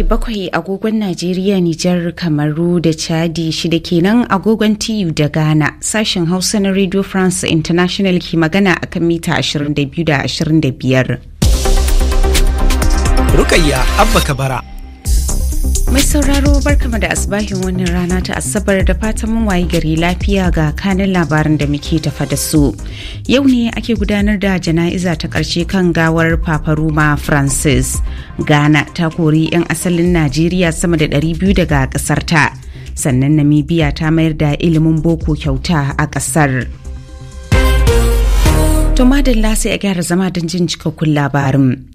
bakwai agogon Najeriya, Nijar, Kamaru da Chadi shida kenan agogon TU da Ghana. Sashen Hausa na Radio France International ke magana a kan mita 22 da 25. Rukayya Abba Kabara Mai sauraro barkama da asibahin wannan rana ta Asabar da fatan mun waye gari lafiya ga kanin labarin da muke tafa da su. Yau ne ake gudanar da jana'iza ta ƙarshe kan gawar Paparuma Francis. Ghana ta kori 'yan asalin Najeriya sama da 200 daga ƙasarta. ta. Sannan Namibia ta mayar da ilimin boko kyauta a ƙasar. To madalla sai a gyara zama don jin cikakkun labarin.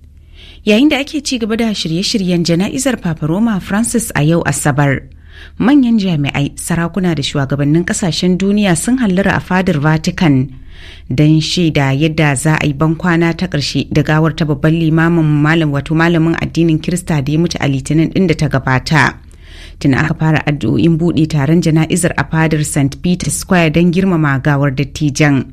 yayin da ake ci gaba da shirye-shiryen jana'izar Papa Roma Francis a yau Asabar. Manyan jami'ai, sarakuna da shugabannin kasashen duniya sun hallara a fadar Vatican don shaida yadda za a yi bankwana ta ƙarshe da gawar ta babban limamin malam wato malamin addinin Kirista da ya mutu a litinin ɗin da ta gabata. tun aka fara addu'o'in buɗe taron jana'izar a fadar st peter square don girmama gawar dattijan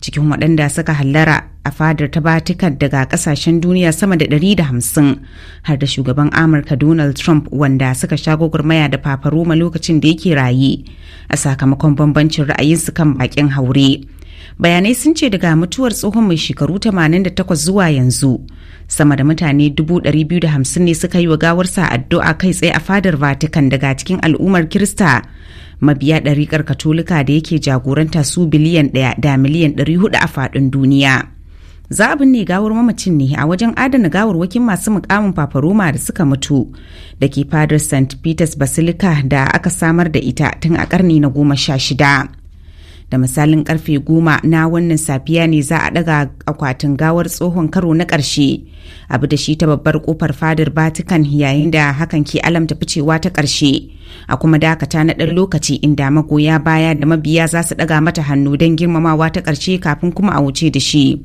cikin waɗanda suka hallara a fadar ta daga ƙasashen duniya sama da 150 har da shugaban amurka donald trump wanda suka sha gwagwarmaya da fafaroma lokacin da yake raye a sakamakon bambancin ra'ayinsu kan baƙin haure bayanai sun ce daga mutuwar tsohon mai shekaru 88 zuwa yanzu sama da mutane 250 ne suka yi wa gawarsa addu'a kai tsaye a fadar vatican daga cikin al'ummar kirista mabiya ɗariƙar katolika da yake jagoranta su biliyan ɗaya da miliyan 400 a faɗin duniya za ne gawar mamacin ne a wajen adana gawarwakin masu mukamin roma da suka mutu da ke fadar st peters basilica da aka samar da ita tun a ƙarni na goma sha shida da misalin karfe goma na wannan safiya ne za a daga akwatin gawar tsohon karo na ƙarshe abu da shi ta babbar kofar fadar batikan yayin da hakan ke alamta ficewa ta ƙarshe a kuma dakata na ɗan lokaci inda magoya baya da mabiya za su ɗaga mata hannu don girmamawa ta ƙarshe kafin kuma a wuce da shi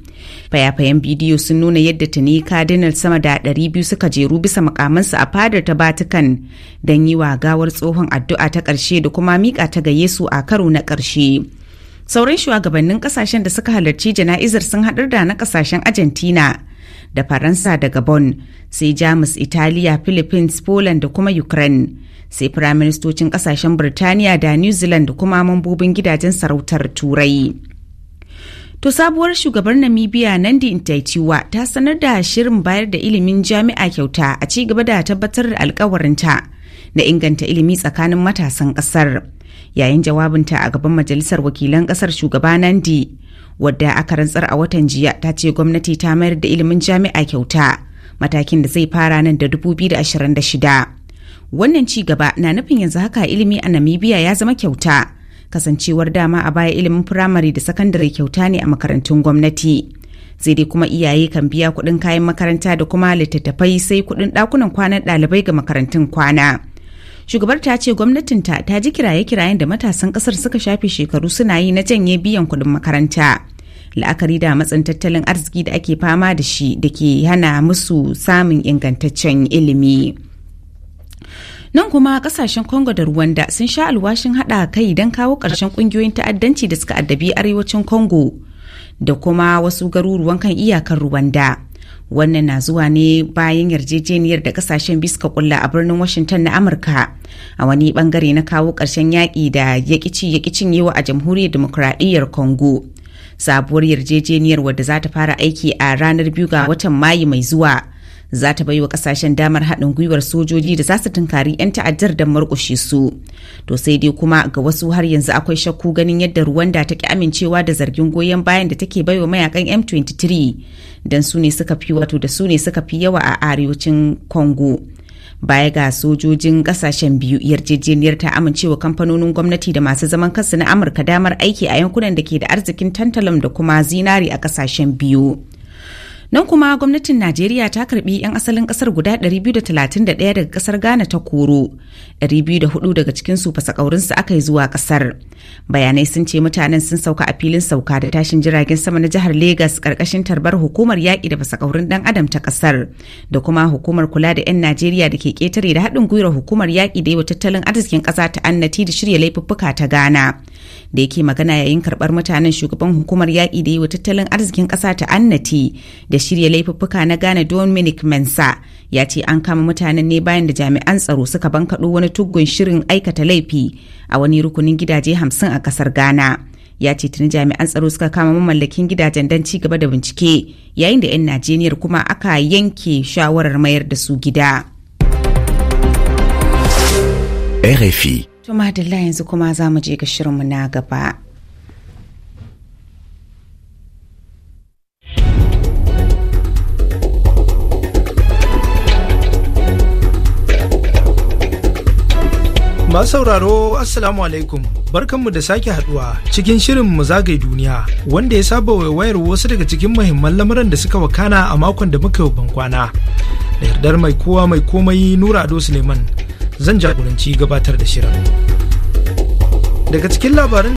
fayafayen bidiyo sun nuna yadda tuni kadinal sama da ɗari biyu suka jeru bisa makamansu a fadar ta batikan don yi wa gawar tsohon addu'a ta karshe da kuma miƙa ta ga yesu a karo na karshe. Sauran shugabannin kasashen da suka halarci jana'izar sun haɗar da na kasashen Argentina da Faransa da Gabon, sai Jamus, Italiya, Philippines, Poland da kuma Ukraine. Sai firaministocin kasashen Birtaniya da New Zealand da kuma mambobin gidajen sarautar Turai. To sabuwar shugabar Namibia nan Nandi intaitiwa ta sanar da shirin bayar da ilimin jami'a kyauta a ci gaba da tabbatar da alkawarinta na inganta ilimi tsakanin matasan kasar. yayin jawabinta a gaban majalisar wakilan kasar shugaba nandi wadda aka rantsar a watan jiya ta ce gwamnati ta mayar da ilimin jami'a kyauta matakin da zai fara nan da 2026 wannan ci gaba na nufin yanzu haka ilimi a namibia ya zama kyauta kasancewar dama a baya ilimin firamare da sakandare kyauta ne a makarantun gwamnati sai dai kuma iyaye kan biya kuɗin kayan makaranta da kuma littattafai sai kuɗin ɗakunan kwanan ɗalibai ga makarantun kwana. Shugabar ta ce gwamnatin ta ta ji kiraye-kirayen da matasan kasar suka shafe shekaru suna yi na janye biyan kuɗin makaranta. La'akari da matsin tattalin arziki da ake fama da shi da ke hana musu samun ingantaccen ilimi. nan kuma kasashen congo da rwanda sun sha alwashin hada kai don kawo ƙarshen ƙungiyoyin ta'addanci da suka addabi arewacin congo da kuma wasu garuruwan kan iyakar rwanda wannan na zuwa ne bayan yarjejeniyar da kasashen biyu suka kulla a birnin washington na amurka a wani bangare na kawo karshen yaƙi da yaƙici yaƙicin yiwa a jamhuriyar demokuraɗiyyar congo sabuwar yarjejeniyar wadda za ta fara aiki a ranar biyu ga watan mayu mai zuwa za ta baiwa kasashen damar haɗin gwiwar sojoji da za su tunkari 'yan ta'addar da murƙushe su to sai dai kuma ga wasu har yanzu akwai shakku ganin yadda ruwanda ta ki amincewa da zargin goyon bayan da take baiwa mayakan m23 don su ne suka fi wato da su ne suka fi yawa a arewacin congo baya ga sojojin ƙasashen biyu yarjejeniyar ta amincewa kamfanonin gwamnati da masu zaman kansu na amurka damar aiki a yankunan da ke da arzikin tantalam da kuma zinari a ƙasashen biyu Nan kuma gwamnatin Najeriya ta karbi 'yan asalin kasar guda 231 daga kasar Ghana ta koro, 204 daga cikinsu su aka yi zuwa kasar. Bayanai sun ce mutanen sun sauka a filin sauka da tashin jiragen sama na jihar Legas karkashin tarbar hukumar yaƙi da fasakaurin ɗan adam ta kasar da kuma hukumar kula da 'yan Najeriya da ke ƙetare da haɗin gwiwar hukumar yaƙi da yawa tattalin arzikin ƙasa ta annati da shirya laifuffuka ta Ghana. Da yake magana yayin karɓar mutanen shugaban hukumar yaƙi da yawa tattalin arzikin ƙasa ta annati da da shirya laifuffuka na Ghana Dominic Mensa ya ce an kama mutanen ne bayan da jami'an tsaro suka bankaɗo wani tuggun shirin aikata laifi a wani rukunin gidaje hamsin a kasar Ghana. Ya ce tuni jami'an tsaro suka kama mamallakin gidajen don ci gaba da bincike yayin da 'yan Najeriyar kuma aka yanke shawarar mayar da su gida. RFI. Tuma yanzu kuma za mu je ga shirinmu na gaba. Masu sauraro Assalamu alaikum barkanmu da sake haduwa cikin shirin mu zagaye duniya wanda ya saba wayar wasu daga cikin muhimman lamuran da suka wakana a makon da muka yi kwana. Da yardar mai kowa mai komai Nura Ado Suleiman zan jagoranci gabatar da shirin. Daga cikin labarin